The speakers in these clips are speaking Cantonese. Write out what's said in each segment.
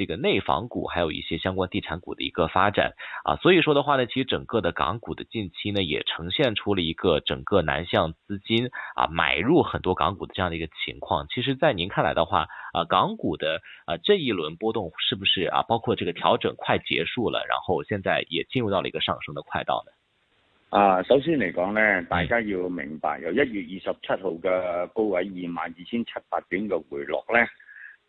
這個內房股還有一些相關地產股的一個發展啊，所以說的話呢，其實整個的港股的近期呢，也呈現出了一個整個南向資金啊買入很多港股的這樣的一個情況。其實，在您看來的話啊，港股的啊這一輪波動是不是啊，包括這個調整快結束了，然後現在也進入到了一個上升的快道呢？啊，首先嚟講呢，大家要明白、嗯、由一月二十七號嘅高位二萬二千七百點嘅回落呢。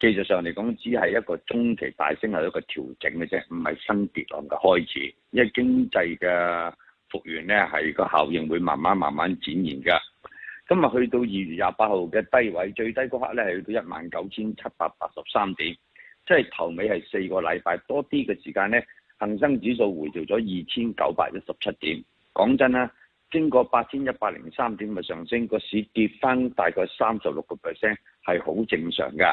技術上嚟講，只係一個中期大升，係一個調整嘅啫，唔係新跌浪嘅開始。因為經濟嘅復原咧，係個效應會慢慢慢慢展現㗎。今日去到二月廿八號嘅低位，最低嗰刻咧係去到一萬九千七百八十三點，即係頭尾係四個禮拜多啲嘅時間咧，恒生指數回調咗二千九百一十七點。講真啦，經過八千一百零三點嘅上升，個市跌翻大概三十六個 percent 係好正常㗎。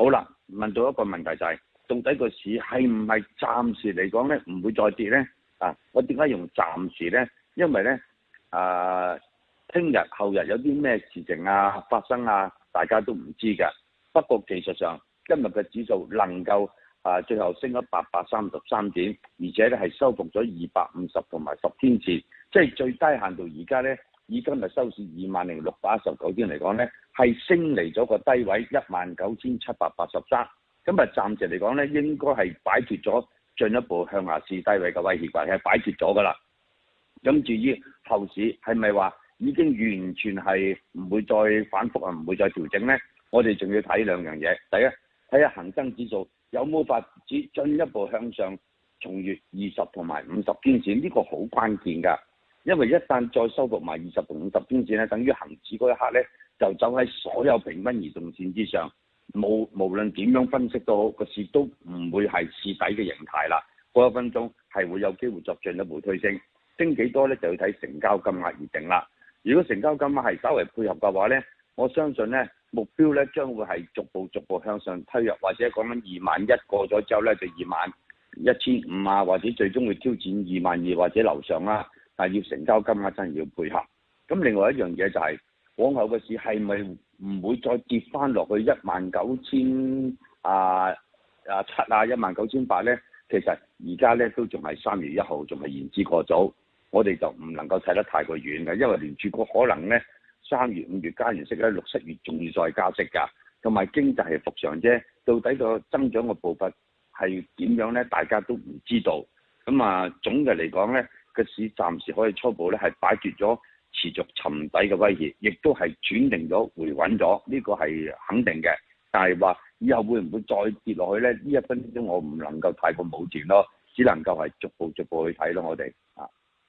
好啦，問到一個問題就係到底個市係唔係暫時嚟講咧，唔會再跌咧？啊，我點解用暫時咧？因為咧，啊，聽日、後日有啲咩事情啊發生啊，大家都唔知㗎。不過技術上，今日嘅指數能夠啊，最後升咗八百三十三點，而且咧係收復咗二百五十同埋十天線，即係最低限度而家咧。以今日收市二萬零六百一十九點嚟講咧，係升嚟咗個低位一萬九千七百八十三。今日暫時嚟講咧，應該係擺脫咗進一步向下試低位嘅威脅啩，係擺脫咗噶啦。咁至於後市係咪話已經完全係唔會再反覆啊，唔會再調整咧？我哋仲要睇兩樣嘢，第一睇下恒生指數有冇法子進一步向上重越二十同埋五十天線，呢、這個好關鍵㗎。因為一旦再收復埋二十同五十天線咧，等於恒指嗰一刻咧，就走喺所有平均移動線之上，無無論點樣分析都好，個市都唔會係市底嘅形態啦。嗰一分鐘係會有機會作進一步推升，升幾多咧，就要睇成交金額而定啦。如果成交金額係稍微配合嘅話咧，我相信咧，目標咧將會係逐步逐步向上推入，或者講緊二萬一過咗之後咧，就二萬一千五啊，或者最終會挑戰二萬二或者樓上啦。但係要成交金額真係要配合，咁另外一樣嘢就係、是、往後嘅市係咪唔會再跌翻落去一萬九千啊啊七啊一萬九千八咧？其實而家咧都仲係三月一號，仲係言之過早，我哋就唔能夠睇得太過遠嘅，因為連住個可能咧，三月五月加完息咧，六七月仲要再加息㗎，同埋經濟係復常啫，到底個增長嘅步伐係點樣咧？大家都唔知道，咁啊總嘅嚟講咧。個市暫時可以初步咧係擺脱咗持續沉底嘅威脅，亦都係轉定咗回穩咗，呢個係肯定嘅。但係話以後會唔會再跌落去咧？呢一分鐘我唔能夠太過武斷咯，只能夠係逐步逐步去睇咯，我哋啊。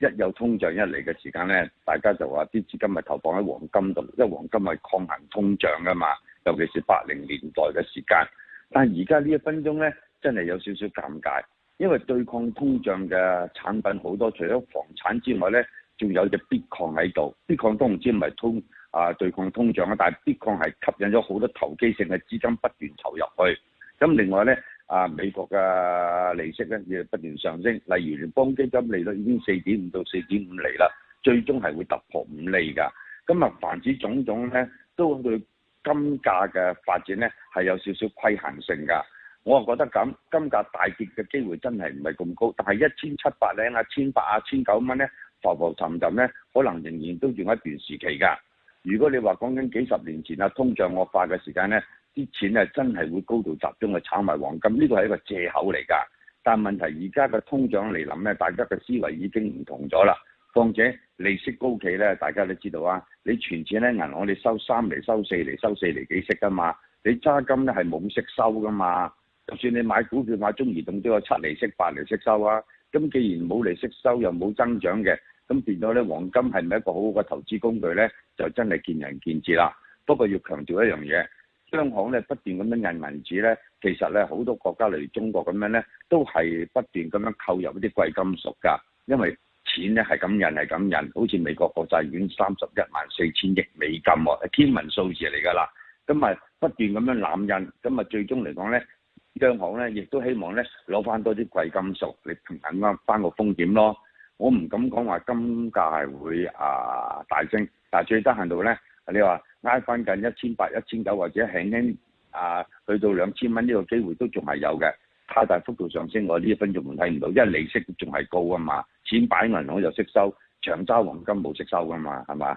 一有通脹一嚟嘅時間呢，大家就話啲資金咪投放喺黃金度，因為黃金係抗衡通脹噶嘛，尤其是八零年代嘅時間。但係而家呢一分鐘呢，真係有少少尷尬，因為對抗通脹嘅產品好多，除咗房產之外呢，仲有隻比特幣喺度。比特幣都唔知唔係通啊對抗通脹啊，但係比特幣係吸引咗好多投機性嘅資金不斷投入去。咁另外呢。啊，美國嘅利息咧亦不斷上升，例如聯邦基金利率已經四點五到四點五厘啦，最終係會突破五厘㗎。咁啊，凡此種種咧，都對金價嘅發展咧係有少少規限性㗎。我啊覺得咁金價大跌嘅機會真係唔係咁高，但係一千七百零啊千八啊千九蚊咧浮浮沉沉咧，可能仍然都仲有一段時期㗎。如果你話講緊幾十年前啊通脹惡化嘅時間咧。啲錢啊，真係會高度集中去炒埋黃金，呢個係一個借口嚟㗎。但係問題而家嘅通脹嚟臨咧，大家嘅思維已經唔同咗啦。況且利息高企咧，大家都知道啊。你存錢咧，銀行你收三厘、收四厘、收四厘幾息㗎嘛。你揸金咧係冇息收㗎嘛。就算你買股票買中移動都有七厘息、八厘息收啊。咁既然冇利息收又冇增長嘅，咁變咗咧黃金係咪一個好好嘅投資工具咧？就真係見仁見智啦。不過要強調一樣嘢。央行咧不斷咁樣印銀紙咧，其實咧好多國家例如中國咁樣咧，都係不斷咁樣購入一啲貴金屬㗎，因為錢咧係咁印係咁印,印，好似美國國債已經三十一萬四千億美金喎，天文數字嚟㗎啦，咁啊不斷咁樣濫印，咁啊最終嚟講咧，央行咧亦都希望咧攞翻多啲貴金屬嚟平衡翻個風險咯。我唔敢講話金價係會啊大升，但係最低限度咧。你話挨翻近一千八、一千九，或者輕輕啊去到兩千蚊呢個機會都仲係有嘅，太大幅度上升我呢一分鐘睇唔到，因為利息仲係高啊嘛，錢擺銀行就息收，長揸黃金冇息收噶嘛，係嘛？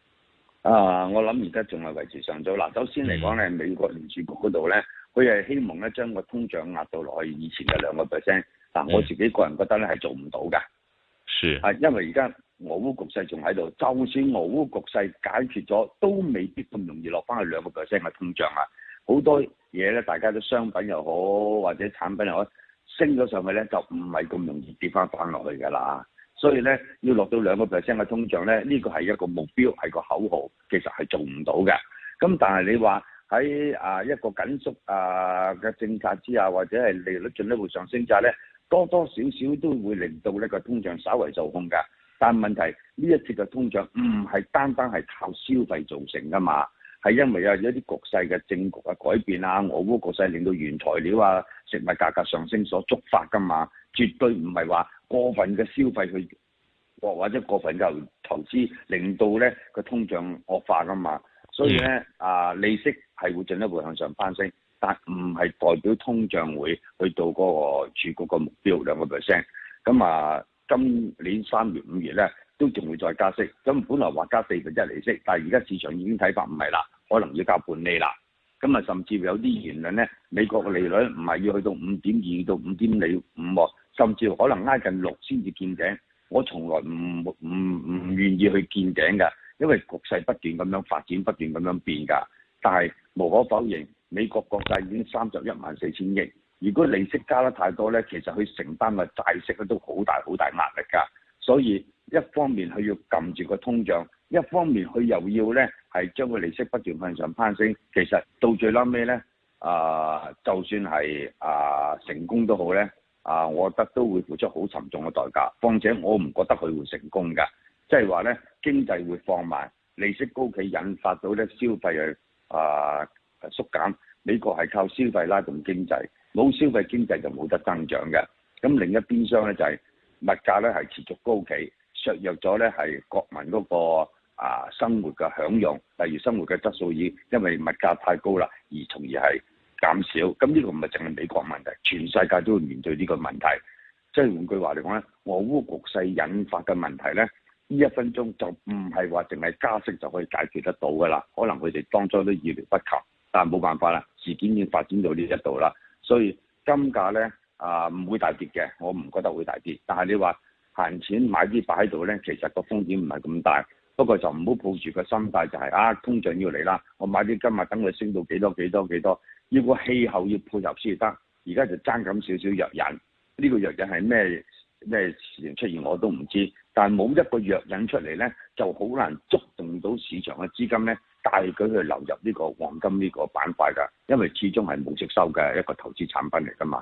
啊，我諗而家仲係維持上早。嗱，首先嚟講咧，美國聯儲局嗰度咧，佢係希望咧將個通脹壓到落去以前嘅兩個 percent。嗱、啊嗯，我自己個人覺得咧係做唔到嘅。是。啊，因為而家俄烏局勢仲喺度，就算俄烏局勢解決咗，都未必咁容易落翻去兩個 percent 嘅通脹啊！好、嗯、多嘢咧，大家都商品又好，或者產品又好，升咗上去咧，就唔係咁容易跌翻返落去㗎啦。所以咧，要落到兩個 percent 嘅通脹咧，呢個係一個目標，係個口號，其實係做唔到嘅。咁但係你話喺啊一個緊縮啊嘅政策之下，或者係利率進一步上升之下，咧，多多少少都會令到呢個通脹稍為受控嘅。但問題呢一次嘅通脹唔係單單係靠消費造成㗎嘛，係因為啊有啲局勢嘅政局嘅改變啊，俄烏局勢令到原材料啊食物價格上升所觸發㗎嘛，絕對唔係話，過分嘅消費去，或或者過分嘅投資，令到咧個通脹惡化噶嘛，所以咧、嗯、啊，利息係會進一步向上攀升，但唔係代表通脹會去到嗰個儲局個目標兩個 percent。咁啊，今年三月，月呢、五月咧都仲會再加息。咁本來話加四分一利息，但係而家市場已經睇法唔係啦，可能要加半厘啦。咁啊，甚至有啲言論咧，美國嘅利率唔係要去到五點二到五點五五甚至可能挨近六先至見頂。我從來唔唔唔願意去見頂㗎，因為局勢不斷咁樣發展，不斷咁樣變㗎。但係無可否認，美國國債已經三十一萬四千億。如果利息加得太多呢，其實佢承擔嘅債息咧都好大好大壓力㗎。所以一方面佢要撳住個通脹，一方面佢又要呢係將個利息不斷向上攀升。其實到最嬲尾呢，啊、呃、就算係啊、呃、成功都好呢。啊，我覺得都會付出好沉重嘅代價，況且我唔覺得佢會成功㗎。即係話呢，經濟會放慢，利息高企引發到呢消費嘅啊縮減。美國係靠消費拉動經濟，冇消費經濟就冇得增長嘅。咁另一邊廂呢，就係物價呢，係持續高企，削弱咗呢係國民嗰個啊生活嘅享用，例如生活嘅質素以因為物價太高啦而從而係減少。咁呢個唔係淨係美國問題，全世界都會面對呢個問題。即係換句話嚟講咧，俄烏局勢引發嘅問題咧，呢一分鐘就唔係話淨係加息就可以解決得到㗎啦。可能佢哋當初都意料不及，但係冇辦法啦，事件已經發展到呢一度啦。所以金價咧啊唔會大跌嘅，我唔覺得會大跌。但係你話閒錢買啲擺喺度咧，其實個風險唔係咁大，不過就唔好抱住個心態就係啊通脹要嚟啦，我買啲金啊等佢升到幾多幾多幾多。要個氣候要配合先得，而家就爭咁少少藥引，呢個藥引係咩咩事情出現我都唔知，但冇一個藥引出嚟呢，就好難觸動到市場嘅資金呢，帶佢去流入呢個黃金呢個板塊噶，因為始終係冇息收嘅一個投資產品嚟噶嘛。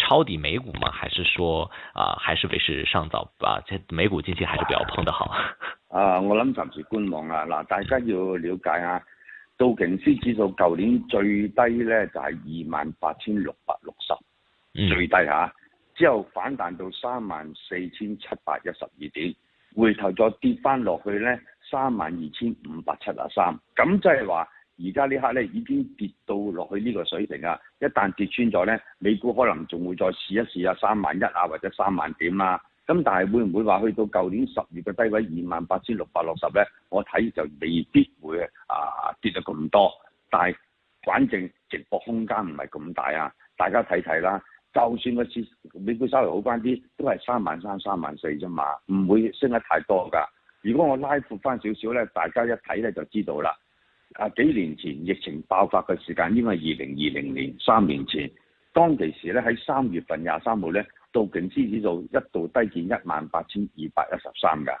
抄底美股嘛，還是說啊、呃，還是為時尚早，呃、美股近期還是比較碰得好。啊，我諗暫時觀望啊。嗱，大家要了解下，道瓊斯指數舊年最低咧就係二萬八千六百六十，最低吓，啊，之，嗯，後反彈到三萬四千七百一十二點，回頭再跌翻落去咧三萬二千五百七啊三，咁即係話。而家呢刻已經跌到落去呢個水平啊！一旦跌穿咗呢，美股可能仲會再試一試啊，三萬一啊，或者三萬點啊。咁但係會唔會話去到舊年十月嘅低位二萬八千六百六十呢？我睇就未必會啊！跌咗咁多，但係反正直落空間唔係咁大啊！大家睇睇啦，就算個市美股稍微好返啲，都係三萬三、三萬四啫嘛，唔會升得太多㗎。如果我拉闊翻少少呢，大家一睇呢就知道啦。啊！幾年前疫情爆發嘅時間應該係二零二零年，三年前，當其時咧喺三月份廿三號咧，道瓊斯指數一度低見一萬八千二百一十三㗎。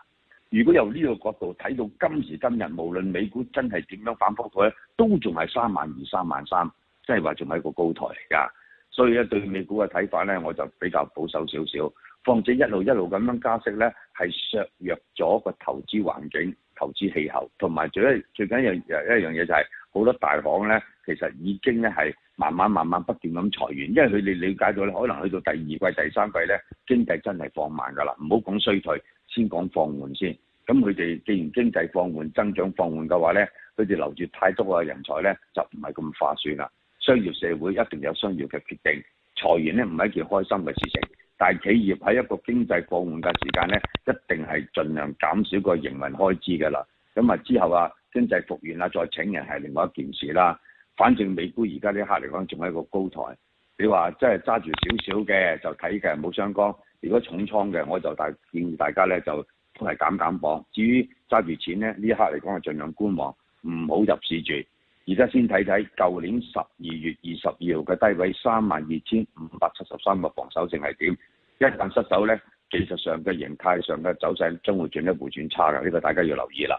如果由呢個角度睇到今時今日，無論美股真係點樣反覆佢咧，都仲係三萬二三萬三，即係話仲係一個高台嚟㗎。所以咧，對美股嘅睇法咧，我就比較保守少少。況且一路一路咁樣加息咧，係削弱咗個投資環境。投資氣候同埋最，最緊要一樣嘢就係、是、好多大行呢其實已經呢係慢慢慢慢不斷咁裁員，因為佢哋了解到咧，可能去到第二季、第三季呢經濟真係放慢㗎啦，唔好講衰退，先講放緩先。咁佢哋既然經濟放緩、增長放緩嘅話呢，佢哋留住太多嘅人才呢，就唔係咁划算啦。商業社會一定有商業嘅決定，裁員呢唔係一件開心嘅事情。大企業喺一個經濟放緩嘅時間呢，一定係盡量減少個營運開支㗎啦。咁啊之後啊，經濟復原啦，再請人係另外一件事啦。反正美股而家呢一刻嚟講仲係一個高台，你話真係揸住少少嘅，就睇嘅冇相干。如果重倉嘅，我就大建議大家呢就都係減減磅。至於揸住錢呢，呢一刻嚟講係盡量觀望，唔好入市住。而家先睇睇舊年十二月二十二號嘅低位三萬二千五百七十三個防守性係點，一旦失守呢技術上嘅形態上嘅走勢將會進一步轉差嘅，呢、這個大家要留意啦。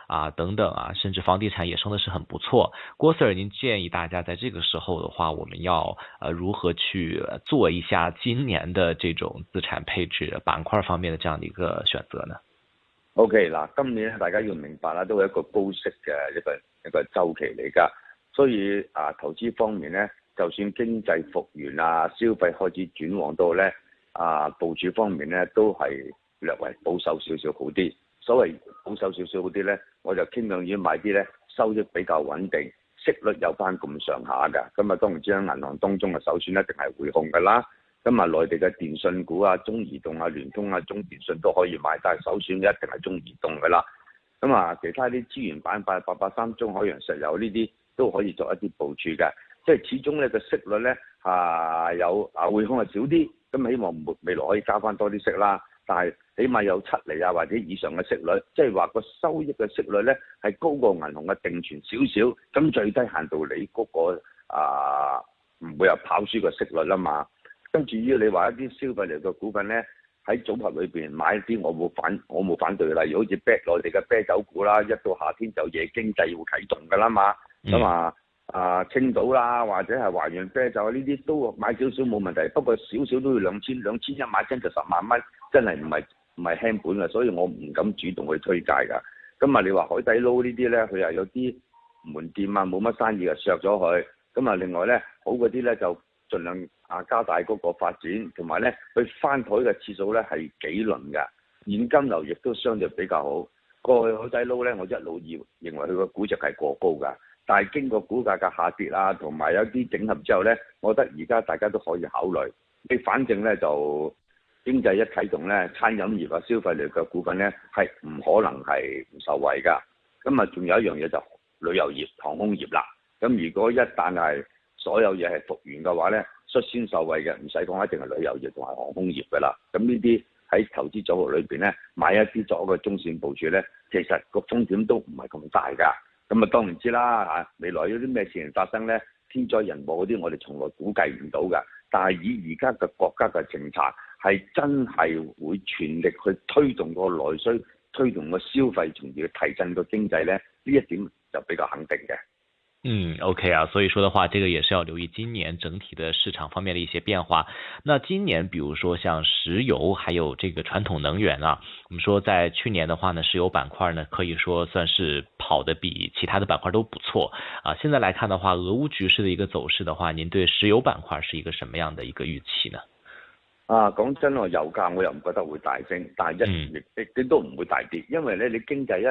啊，等等啊，甚至房地產也升得是很不錯。郭 Sir，您建議大家在這個時候的話，我們要呃、啊、如何去做一下今年的這種資產配置板塊方面的這樣的一個選擇呢？OK，嗱，今年大家要明白啦，都係一個高息嘅一個一個周期嚟㗎。所以啊，投資方面呢，就算經濟復原啊，消費開始轉往到呢啊，部署方面呢，都係略為保守少少好啲。所謂保守少少好啲呢，我就傾向於買啲呢，收益比較穩定，息率有翻咁上下㗎。咁啊，當然之間銀行當中嘅首選一定係匯控㗎啦。咁啊，內地嘅電信股啊，中移動啊、聯通啊、中電信都可以買，但係首選一定係中移動㗎啦。咁啊，其他啲資源板塊，八八三、中海洋石油呢啲都可以作一啲部署嘅。即係始終呢個息率呢，啊有嗱匯控係少啲，咁希望未未來可以加翻多啲息啦。但係起碼有七厘啊，或者以上嘅息率，即係話個收益嘅息率咧，係高過銀行嘅定存少少。咁最低限度你，你局個啊，唔會有跑輸嘅息率啊嘛。跟住如果你話一啲消費類嘅股份咧，喺組合裏邊買一啲，我冇反，我冇反對了。例如好似啤內地嘅啤酒股啦，一到夏天就夜經濟會啟動噶啦嘛。咁、嗯、啊啊，青島啦，或者係華潤啤酒呢啲都買少少冇問題。不過少少都要兩千，兩千一買真就十萬蚊。真係唔係唔係輕本嘅，所以我唔敢主動去推介㗎。咁啊，你話海底撈呢啲呢，佢又有啲門店啊，冇乜生意啊，削咗佢。咁啊，另外呢，好嗰啲呢，就盡量啊加大嗰個發展，同埋呢，佢翻台嘅次數呢，係幾輪嘅，現金流亦都相對比較好。過去海底撈呢，我一路以為認為佢個估值係過高㗎，但係經過股價嘅下跌啊，同埋有啲整合之後呢，我覺得而家大家都可以考慮。你反正呢，就。經濟一啟動咧，餐飲業個消費類嘅股份咧係唔可能係唔受惠㗎。咁啊，仲有一樣嘢就旅遊業、航空業啦。咁如果一旦係所有嘢係復原嘅話咧，率先受惠嘅唔使講，一定係旅遊業同埋航空業㗎啦。咁呢啲喺投資組合裏邊咧，買一啲作一個中線部署咧，其實個風險都唔係咁大㗎。咁啊，當然知啦嚇，未來有啲咩事情發生咧，天災人禍嗰啲，我哋從來估計唔到㗎。但係以而家嘅國家嘅政策，係真係會全力去推動個內需，推動個消費，從而去提振個經濟呢。呢一點就比較肯定嘅。嗯，OK 啊，所以說的話，這個也是要留意今年整體的市場方面的一些變化。那今年，比如說像石油，還有這個傳統能源啊，我們說在去年的話呢，石油板塊呢，可以說算是跑得比其他的板塊都不錯。啊，現在來看的話，俄烏局勢的一個走勢的話，您對石油板塊是一個什麼樣的一個預期呢？啊，講真喎，油價我又唔覺得會大升，但係一月亦都唔會大跌，因為咧，你經濟一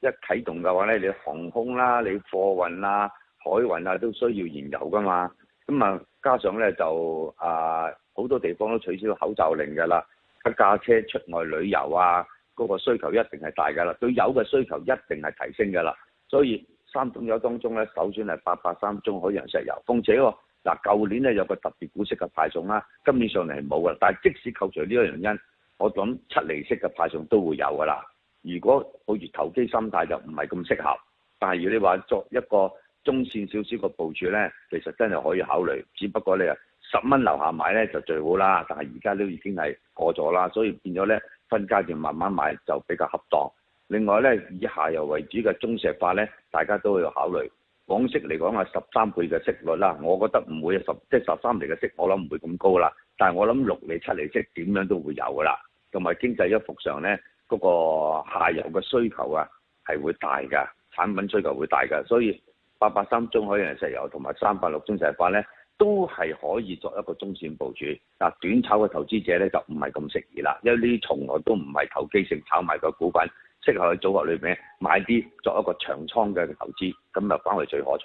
一啟動嘅話咧，你航空啦、啊、你貨運啦、啊、海運啊，都需要燃油噶嘛。咁啊，加上咧就啊，好多地方都取消口罩令㗎啦，駕車出外旅遊啊，嗰、那個需求一定係大㗎啦。對油嘅需求一定係提升㗎啦。所以三桶油當中咧，首先係八八三中海洋石油，況且、哦嗱，舊年咧有個特別股息嘅派送啦，今年上嚟係冇噶。但係即使扣除呢個原因，我諗七厘息嘅派送都會有噶啦。如果抱住投機心態就唔係咁適合，但係如果你話作一個中線少少嘅部署呢，其實真係可以考慮。只不過你啊十蚊樓下買呢就最好啦，但係而家都已經係過咗啦，所以變咗呢分階段慢慢買就比較恰當。另外呢，以下游為主嘅中石化呢，大家都要考慮。港息嚟講係十三倍嘅息率啦，我覺得唔會有十即係十三釐嘅息，我諗唔會咁高啦。但係我諗六厘七釐息點樣都會有㗎啦。同埋經濟一幅上咧，嗰個下游嘅需求啊係會大㗎，產品需求會大㗎，所以八八三中海洋石油同埋三八六中石化咧都係可以作一個中線部署。嗱，短炒嘅投資者咧就唔係咁適宜啦，因為呢啲從來都唔係投機性炒賣嘅股份。適合喺組合裏面買啲作一個長倉嘅投資，咁就翻去最可取。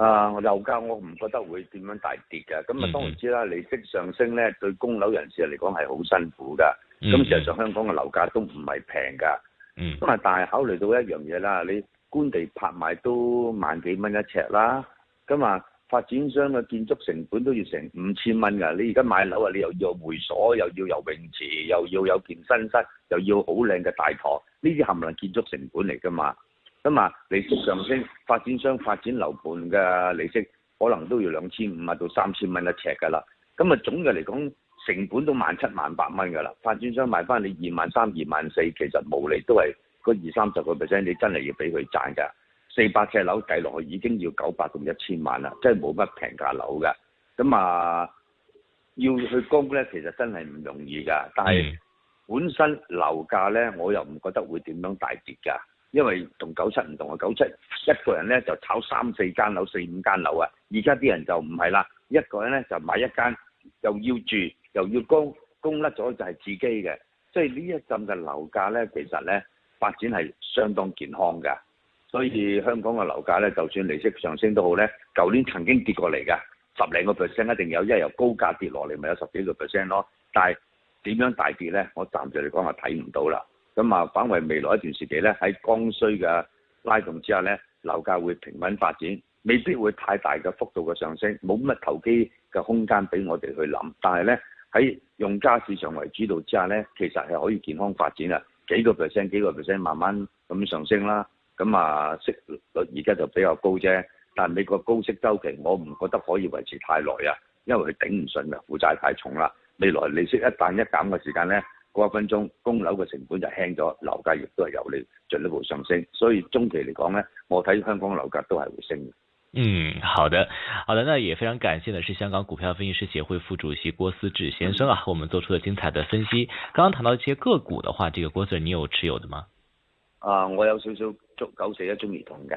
啊，樓價我唔覺得會點樣大跌嘅，咁、嗯、啊當然知啦，利息上升咧、嗯，對供樓人士嚟講係好辛苦㗎。咁、嗯、事實上香港嘅樓價都唔係平㗎。咁、嗯、啊，但係考慮到一樣嘢啦，你官地拍賣都萬幾蚊一尺啦，咁啊發展商嘅建築成本都要成五千蚊㗎。你而家買樓啊，你又要會所，又要游泳池，又要有健身室，又要好靚嘅大堂，呢啲冚唪唥建築成本嚟㗎嘛。咁啊，利息上升，發展商發展樓盤嘅利息可能都要兩千五啊到三千蚊一尺噶啦。咁啊，總嘅嚟講，成本都萬七萬八蚊噶啦。發展商賣翻你二萬三、二萬四，其實毛利都係嗰二三十個 percent，你真係要俾佢賺噶。四百尺樓計落去已經要九百到一千萬啦，真係冇乜平價樓噶。咁啊，要去供咧，其實真係唔容易噶。但係本身樓價咧，我又唔覺得會點樣大跌噶。因為同九七唔同啊，九七一個人咧就炒三四間樓、四五間樓啊，而家啲人就唔係啦，一個人咧就買一間，又要住又要供，供甩咗就係自己嘅，所以呢一陣嘅樓價咧，其實咧發展係相當健康㗎。所以香港嘅樓價咧，就算利息上升都好咧，舊年曾經跌過嚟㗎，十零個 percent 一,一定有，因為由高價跌落嚟咪有十幾個 percent 咯。但係點樣大跌咧？我暫時嚟講係睇唔到啦。咁啊，反為未來一段時期咧，喺剛需嘅拉動之下咧，樓價會平穩發展，未必會太大嘅幅度嘅上升，冇乜投機嘅空間俾我哋去諗。但係咧，喺用家市場為主導之下咧，其實係可以健康發展啊，幾個 percent、幾個 percent 慢慢咁上升啦。咁啊，息率而家就比較高啫，但美國高息週期，我唔覺得可以維持太耐啊，因為佢頂唔順啊，負債太重啦。未來利息一旦一減嘅時間咧～過一分鐘，供樓嘅成本就輕咗，樓價亦都係有利進一步上升，所以中期嚟講咧，我睇香港樓價都係會升嘅。嗯，好的，好的，那也非常感謝的是香港股票分析師協會副主席郭思治先生啊、嗯，我們做出的精彩的分析。剛剛談到一些個股嘅話，這個郭 Sir 你有持有的嗎？啊，我有少少中九四一中移動嘅。